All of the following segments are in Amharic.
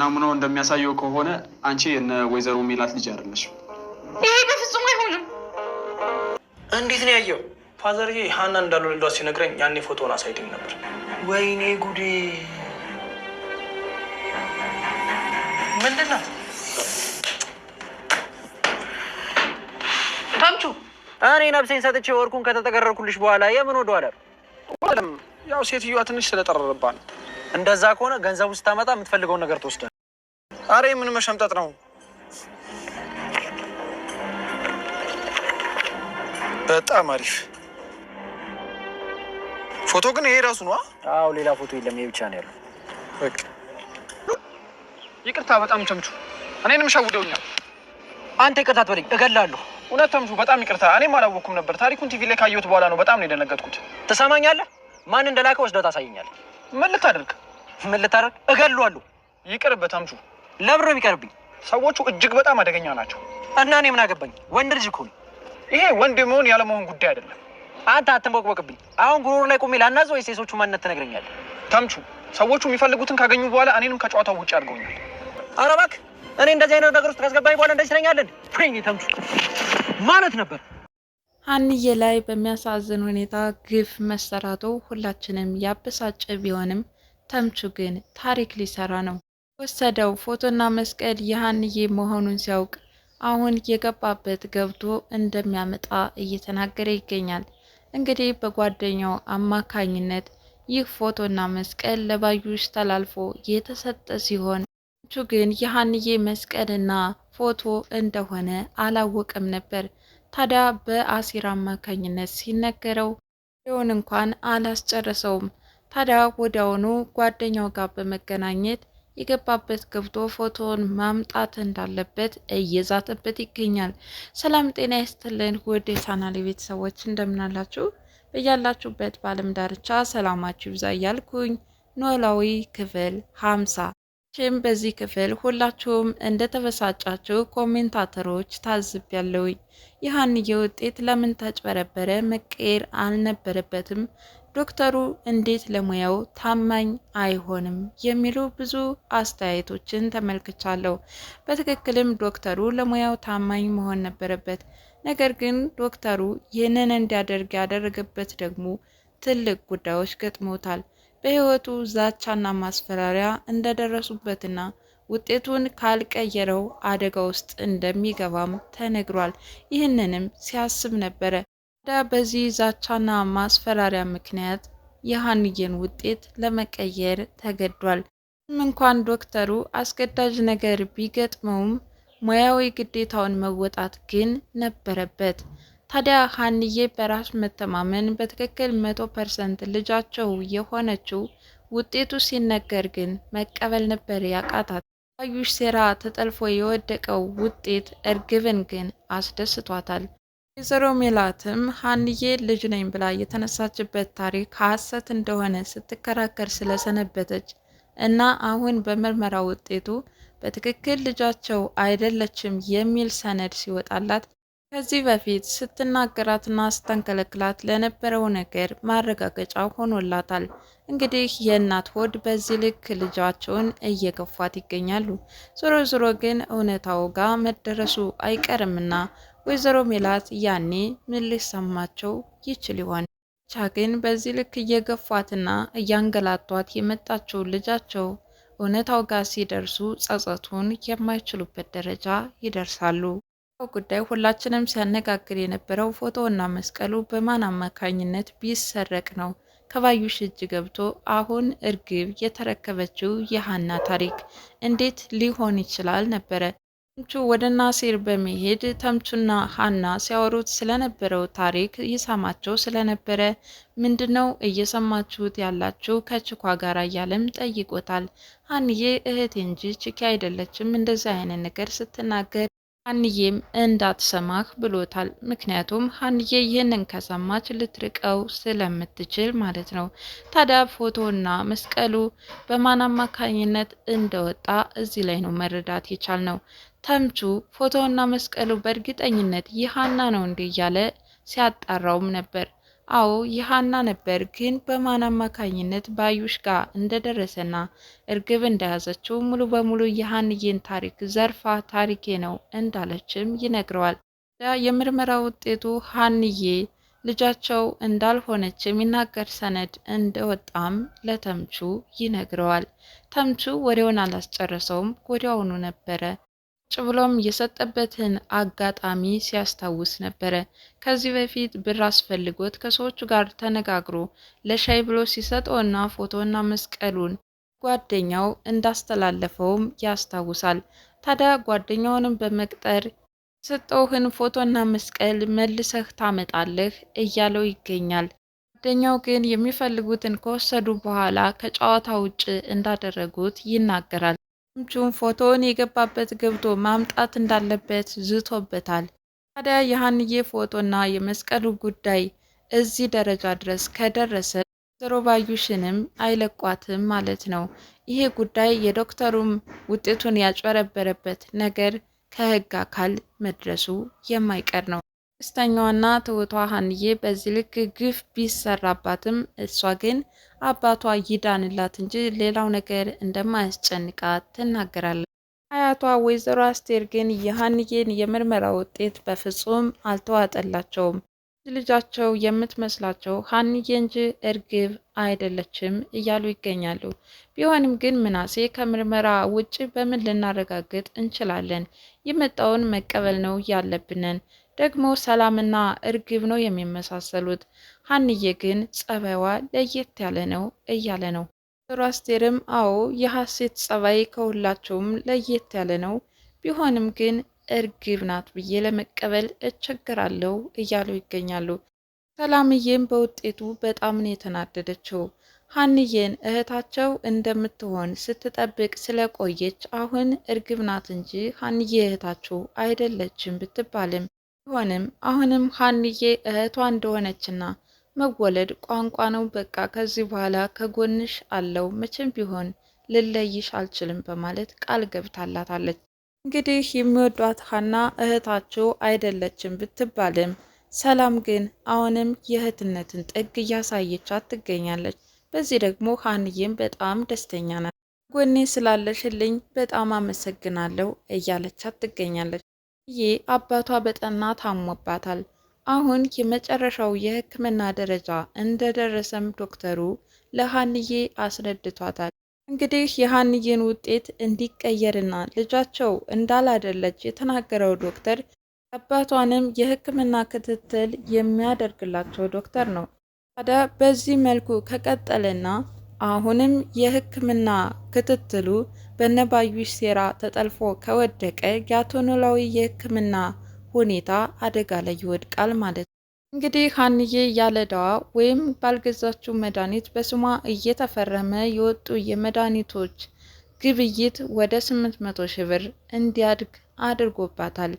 ናሙናው እንደሚያሳየው ከሆነ አንቺ የነ ወይዘሮ ሚላት ልጅ አይደለሽ። ይሄ በፍጹም አይሆንም። እንዴት ነው ያየው? ፋዘር ይሄ ሀና ልዷ ሲነግረኝ ያኔ ፎቶውን አሳይድኝ ነበር። ወይኔ ጉዴ! ምንድን ነው ተምቹ? እኔ ነብሴን ሰጥቼ ወርኩን ከተጠቀረርኩልሽ በኋላ የምን ወደኋላ ያው ሴትዮዋ ትንሽ ስለጠረረባ ነው እንደዛ ከሆነ ገንዘቡ ስታመጣ የምትፈልገውን ነገር ትወስዳል። አሬ ምን መሸምጠጥ ነው? በጣም አሪፍ ፎቶ ግን ይሄ ራሱ ነው? አዎ፣ ሌላ ፎቶ የለም፣ ይሄ ብቻ ነው ያለው። በቃ ይቅርታ። በጣም ተምቹ እኔንም ሸውደውኛል። አንተ ይቅርታ ትበለኝ እገላለሁ። እውነት ተምቹ በጣም ይቅርታ። እኔም አላወቅኩም ነበር። ታሪኩን ቲቪ ላይ ካየሁት በኋላ ነው በጣም ነው የደነገጥኩት። ትሰማኛለህ? ማን እንደላከ ወስደው ታሳየኛለህ። ምን ልታደርግ ምን ልታደርግ? እገለዋለሁ። ይቅርብህ ተምቹ። ለምን ነው የሚቀርብኝ? ሰዎቹ እጅግ በጣም አደገኛ ናቸው እና እኔ ምን አገባኝ? ወንድ ልጅ እኮ ነው። ይሄ ወንድ መሆን ያለመሆን ጉዳይ አይደለም። አንተ አትንቦቅቦቅብኝ። አሁን ጉሮሮ ላይ ቆሜ ላናዘ ወይ የሰዎቹ ማንነት ትነግረኛለህ? ተምቹ፣ ሰዎቹ የሚፈልጉትን ካገኙ በኋላ እኔንም ከጨዋታው ውጭ አድርገውኛል። ኧረ እባክህ እኔ እንደዚህ አይነት ነገር ውስጥ ካስገባኝ በኋላ እንደዚህ ፍሬኝ ተምቹ ማለት ነበር ሀንዬ ላይ በሚያሳዝን ሁኔታ ግፍ መሰራቱ ሁላችንም ያበሳጨ ቢሆንም ተምቹ ግን ታሪክ ሊሰራ ነው። ወሰደው ፎቶና መስቀል የሀንዬ መሆኑን ሲያውቅ አሁን የገባበት ገብቶ እንደሚያመጣ እየተናገረ ይገኛል። እንግዲህ በጓደኛው አማካኝነት ይህ ፎቶና መስቀል ለባዩሽ ተላልፎ የተሰጠ ሲሆን ተምቹ ግን የሀንዬ መስቀልና ፎቶ እንደሆነ አላወቀም ነበር። ታዲያ በአሲር አማካኝነት ሲነገረው ሊሆን እንኳን አላስጨረሰውም። ታዲያ ወዲያውኑ ጓደኛው ጋር በመገናኘት የገባበት ገብቶ ፎቶውን ማምጣት እንዳለበት እየዛተበት ይገኛል። ሰላም ጤና ይስጥልን ውድ የቻናሌ ቤተሰቦች እንደምናላችሁ በያላችሁበት በዓለም ዳርቻ ሰላማችሁ ይብዛ እያልኩኝ ኖላዊ ክፍል ሀምሳ ችም በዚህ ክፍል ሁላችሁም እንደተበሳጫችሁ ኮሜንታተሮች ታዝብ ያለው የሀንዬ ውጤት ለምን ተጭበረበረ መቀየር አልነበረበትም፣ ዶክተሩ እንዴት ለሙያው ታማኝ አይሆንም የሚሉ ብዙ አስተያየቶችን ተመልክቻለሁ። በትክክልም ዶክተሩ ለሙያው ታማኝ መሆን ነበረበት። ነገር ግን ዶክተሩ ይህንን እንዲያደርግ ያደረገበት ደግሞ ትልቅ ጉዳዮች ገጥሞታል። በህይወቱ ዛቻና ማስፈራሪያ እንደደረሱበትና ውጤቱን ካልቀየረው አደጋ ውስጥ እንደሚገባም ተነግሯል። ይህንንም ሲያስብ ነበረ። ዳ በዚህ ዛቻና ማስፈራሪያ ምክንያት የሀንዬን ውጤት ለመቀየር ተገዷል። እንኳን ዶክተሩ አስገዳጅ ነገር ቢገጥመውም ሙያዊ ግዴታውን መወጣት ግን ነበረበት። ታዲያ ሀንዬ በራስ መተማመን በትክክል መቶ ፐርሰንት ልጃቸው የሆነችው ውጤቱ ሲነገር ግን መቀበል ነበር ያቃታት። ባዩሽ ሴራ ተጠልፎ የወደቀው ውጤት እርግብን ግን አስደስቷታል። ወይዘሮ ሜላትም ሀንዬ ልጅ ነኝ ብላ የተነሳችበት ታሪክ ሀሰት እንደሆነ ስትከራከር ስለሰነበተች እና አሁን በምርመራ ውጤቱ በትክክል ልጃቸው አይደለችም የሚል ሰነድ ሲወጣላት ከዚህ በፊት ስትናገራትና ስተንከለክላት ለነበረው ነገር ማረጋገጫ ሆኖላታል። እንግዲህ የእናት ሆድ በዚህ ልክ ልጃቸውን እየገፏት ይገኛሉ። ዞሮ ዞሮ ግን እውነታው ጋር መደረሱ አይቀርምና ወይዘሮ ሜላት ያኔ ምን ሊሰማቸው ይችል ይሆን? ብቻ ግን በዚህ ልክ እየገፏትና እያንገላቷት የመጣችው ልጃቸው እውነታው ጋር ሲደርሱ ጸጸቱን የማይችሉበት ደረጃ ይደርሳሉ። ጉዳይ ሁላችንም ሲያነጋግር የነበረው ፎቶና መስቀሉ በማን አማካኝነት ቢሰረቅ ነው? ከባዩሽ እጅ ገብቶ አሁን እርግብ የተረከበችው የሀና ታሪክ እንዴት ሊሆን ይችላል ነበረ። ተምቹ ወደ ናሴር በመሄድ ተምቹና ሀና ሲያወሩት ስለነበረው ታሪክ ይሰማቸው ስለነበረ ምንድነው እየሰማችሁት ያላችሁ ከችኳ ጋር እያለም ጠይቆታል። ሀንዬ እህቴ እንጂ ችኪ አይደለችም እንደዚህ አይነት ነገር ስትናገር ሀንዬም እንዳትሰማህ ብሎታል። ምክንያቱም ሀንዬ ይህንን ከሰማች ልትርቀው ስለምትችል ማለት ነው። ታዲያ ፎቶና መስቀሉ በማን አማካኝነት እንደወጣ እዚህ ላይ ነው መረዳት የቻል ነው። ተምቹ ፎቶና መስቀሉ በእርግጠኝነት ይህ ሀና ነው እንዴ እያለ ሲያጣራውም ነበር። አዎ ይሃና ነበር። ግን በማን አማካኝነት ባዩሽ ጋር እንደደረሰና እርግብ እንደያዘችው ሙሉ በሙሉ የሀንዬን ታሪክ ዘርፋ ታሪኬ ነው እንዳለችም ይነግረዋል። የምርመራ ውጤቱ ሀንዬ ልጃቸው እንዳልሆነች የሚናገር ሰነድ እንደወጣም ለተምቹ ይነግረዋል። ተምቹ ወሬውን አላስጨረሰውም፣ ወዲያውኑ ነበረ ቁጭ ብሎም የሰጠበትን አጋጣሚ ሲያስታውስ ነበረ። ከዚህ በፊት ብር አስፈልጎት ከሰዎቹ ጋር ተነጋግሮ ለሻይ ብሎ ሲሰጠውና ፎቶና መስቀሉን ጓደኛው እንዳስተላለፈውም ያስታውሳል። ታዲያ ጓደኛውንም በመቅጠር የሰጠውህን ፎቶና መስቀል መልሰህ ታመጣለህ እያለው ይገኛል። ጓደኛው ግን የሚፈልጉትን ከወሰዱ በኋላ ከጨዋታ ውጭ እንዳደረጉት ይናገራል። ምቹን ፎቶውን የገባበት ገብቶ ማምጣት እንዳለበት ዝቶበታል። ታዲያ የሀንዬ ፎቶና የመስቀሉ ጉዳይ እዚህ ደረጃ ድረስ ከደረሰ ወይዘሮ ባዩሽንም አይለቋትም ማለት ነው። ይሄ ጉዳይ የዶክተሩም ውጤቱን ያጭበረበረበት ነገር ከህግ አካል መድረሱ የማይቀር ነው። ደስተኛዋና ትውቷ ሀንዬ በዚህ ልክ ግፍ ቢሰራባትም እሷ ግን አባቷ ይዳንላት እንጂ ሌላው ነገር እንደማያስጨንቃት ትናገራለች። አያቷ ወይዘሮ አስቴር ግን የሀንዬን የምርመራ ውጤት በፍጹም አልተዋጠላቸውም። ልጃቸው የምትመስላቸው ሀንዬ እንጂ እርግብ አይደለችም እያሉ ይገኛሉ። ቢሆንም ግን ምናሴ ከምርመራ ውጭ በምን ልናረጋግጥ እንችላለን? የመጣውን መቀበል ነው ያለብንን ደግሞ ሰላምና እርግብ ነው የሚመሳሰሉት። ሀንዬ ግን ጸባይዋ ለየት ያለ ነው እያለ ነው። ወይዘሮ አስቴርም አዎ የሀሴት ጸባይ ከሁላቸውም ለየት ያለ ነው፣ ቢሆንም ግን እርግብ ናት ብዬ ለመቀበል እቸገራለሁ እያሉ ይገኛሉ። ሰላምዬም በውጤቱ በጣም ነው የተናደደችው። ሀንዬን እህታቸው እንደምትሆን ስትጠብቅ ስለቆየች አሁን እርግብ ናት እንጂ ሀንዬ እህታችሁ አይደለችም ብትባልም ቢሆንም አሁንም ሀንዬ እህቷ እንደሆነችና መወለድ ቋንቋ ነው በቃ ከዚህ በኋላ ከጎንሽ አለው መቼም ቢሆን ልለይሽ አልችልም በማለት ቃል ገብታላታለች። እንግዲህ የሚወዷት ሀና እህታችሁ አይደለችም ብትባልም ሰላም ግን አሁንም የእህትነትን ጥግ እያሳየቻት ትገኛለች። በዚህ ደግሞ ሀንዬም በጣም ደስተኛ ናት። ጎኔ ስላለሽልኝ በጣም አመሰግናለሁ እያለቻት ትገኛለች። ይህ አባቷ በጠና ታሞባታል። አሁን የመጨረሻው የሕክምና ደረጃ እንደደረሰም ዶክተሩ ለሀንዬ አስረድቷታል። እንግዲህ የሀንዬን ውጤት እንዲቀየርና ልጃቸው እንዳላደለች የተናገረው ዶክተር አባቷንም የሕክምና ክትትል የሚያደርግላቸው ዶክተር ነው። ታዲያ በዚህ መልኩ ከቀጠለና አሁንም የሕክምና ክትትሉ በነባዩሽ ሴራ ተጠልፎ ከወደቀ የአቶ ኖላዊ የሕክምና ሁኔታ አደጋ ላይ ይወድቃል ማለት ነው። እንግዲህ ሀንዬ ያለዳዋ ወይም ባልገዛችው መድኃኒት በስሟ እየተፈረመ የወጡ የመድኃኒቶች ግብይት ወደ 800 ሺህ ብር እንዲያድግ አድርጎባታል።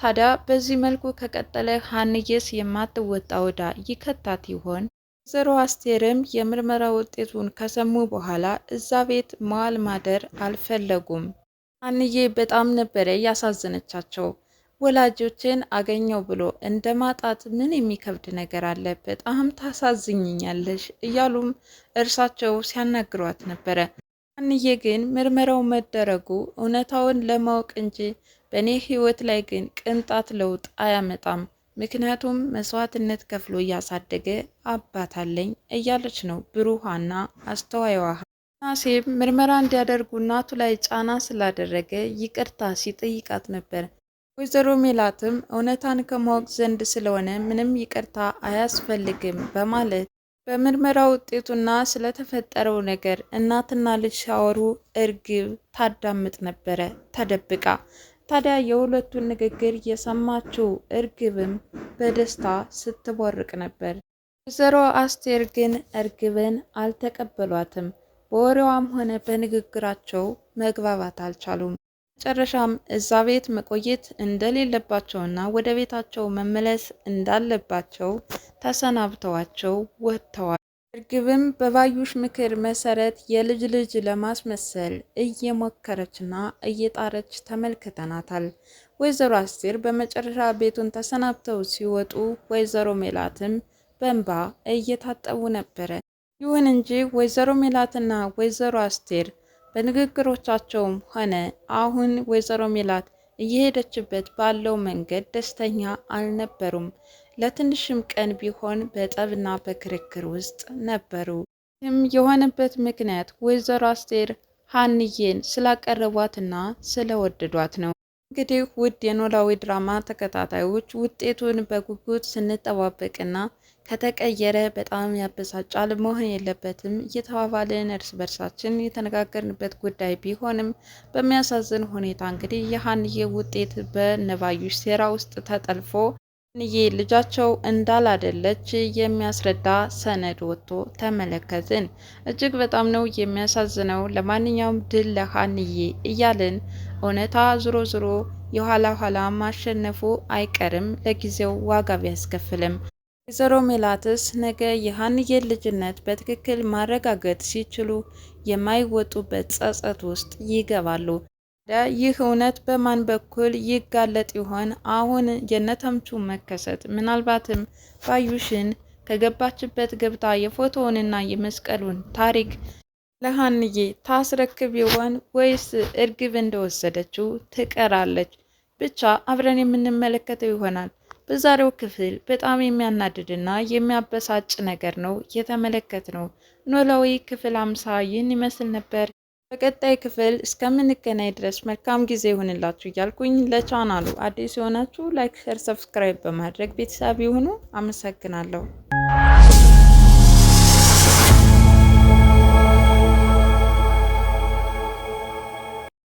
ታዲያ በዚህ መልኩ ከቀጠለ ሀንዬስ የማትወጣ ወዳ ይከታት ይሆን? ወይዘሮ አስቴርም የምርመራ ውጤቱን ከሰሙ በኋላ እዛ ቤት መዋል ማደር አልፈለጉም። አንዬ በጣም ነበረ ያሳዘነቻቸው። ወላጆችን አገኘው ብሎ እንደ ማጣት ምን የሚከብድ ነገር አለ? በጣም ታሳዝኝኛለሽ እያሉም እርሳቸው ሲያናግሯት ነበረ። አንዬ ግን ምርመራው መደረጉ እውነታውን ለማወቅ እንጂ በእኔ ሕይወት ላይ ግን ቅንጣት ለውጥ አያመጣም ምክንያቱም መስዋዕትነት ከፍሎ እያሳደገ አባት አለኝ እያለች ነው ብሩሃና አስተዋይዋ ናሴም ምርመራ እንዲያደርጉ እናቱ ላይ ጫና ስላደረገ ይቅርታ ሲጠይቃት ነበር። ወይዘሮ ሜላትም እውነታን ከማወቅ ዘንድ ስለሆነ ምንም ይቅርታ አያስፈልግም በማለት በምርመራ ውጤቱና ስለተፈጠረው ነገር እናትና ልጅ ሲያወሩ እርግብ ታዳምጥ ነበረ ተደብቃ። ታዲያ የሁለቱን ንግግር የሰማችው እርግብም በደስታ ስትቦርቅ ነበር። ወይዘሮ አስቴር ግን እርግብን አልተቀበሏትም። በወሬዋም ሆነ በንግግራቸው መግባባት አልቻሉም። መጨረሻም እዛ ቤት መቆየት እንደሌለባቸውና ወደ ቤታቸው መመለስ እንዳለባቸው ተሰናብተዋቸው ወጥተዋል። እርግብም በባዩሽ ምክር መሰረት የልጅ ልጅ ለማስመሰል እየሞከረችና እየጣረች ተመልክተናታል። ወይዘሮ አስቴር በመጨረሻ ቤቱን ተሰናብተው ሲወጡ ወይዘሮ ሜላትም በእንባ እየታጠቡ ነበረ። ይሁን እንጂ ወይዘሮ ሜላትና ወይዘሮ አስቴር በንግግሮቻቸውም ሆነ አሁን ወይዘሮ ሜላት እየሄደችበት ባለው መንገድ ደስተኛ አልነበሩም። ለትንሽም ቀን ቢሆን በጠብና በክርክር ውስጥ ነበሩ። ይህም የሆነበት ምክንያት ወይዘሮ አስቴር ሀንዬን ስላቀረቧትና ስለወደዷት ነው። እንግዲህ ውድ የኖላዊ ድራማ ተከታታዮች ውጤቱን በጉጉት ስንጠባበቅና ከተቀየረ በጣም ያበሳጫል፣ መሆን የለበትም እየተባባልን እርስ በርሳችን የተነጋገርንበት ጉዳይ ቢሆንም በሚያሳዝን ሁኔታ እንግዲህ የሀንዬ ውጤት በነባዩሽ ሴራ ውስጥ ተጠልፎ ንዬ ልጃቸው እንዳላደለች የሚያስረዳ ሰነድ ወጥቶ ተመለከትን። እጅግ በጣም ነው የሚያሳዝነው። ለማንኛውም ድል ለሃንዬ እያልን እውነታ ዝሮ ዝሮ የኋላ ኋላ ማሸነፉ አይቀርም፣ ለጊዜው ዋጋ ቢያስከፍልም። ወይዘሮ ሜላትስ ነገ የሀንዬን ልጅነት በትክክል ማረጋገጥ ሲችሉ የማይወጡበት ጸጸት ውስጥ ይገባሉ። ይህ እውነት በማን በኩል ይጋለጥ ይሆን? አሁን የነተምቹ መከሰት ምናልባትም ባዩሽን ከገባችበት ገብታ የፎቶውንና የመስቀሉን ታሪክ ለሀንዬ ታስረክብ ይሆን ወይስ እርግብ እንደወሰደችው ትቀራለች? ብቻ አብረን የምንመለከተው ይሆናል። በዛሬው ክፍል በጣም የሚያናድድና የሚያበሳጭ ነገር ነው የተመለከት ነው። ኖላዊ ክፍል አምሳ ይህን ይመስል ነበር። በቀጣይ ክፍል እስከምንገናኝ ድረስ መልካም ጊዜ ይሁንላችሁ እያልኩኝ ለቻናሉ አዲስ የሆናችሁ ላይክ፣ ሸር፣ ሰብስክራይብ በማድረግ ቤተሰብ ይሁኑ። አመሰግናለሁ።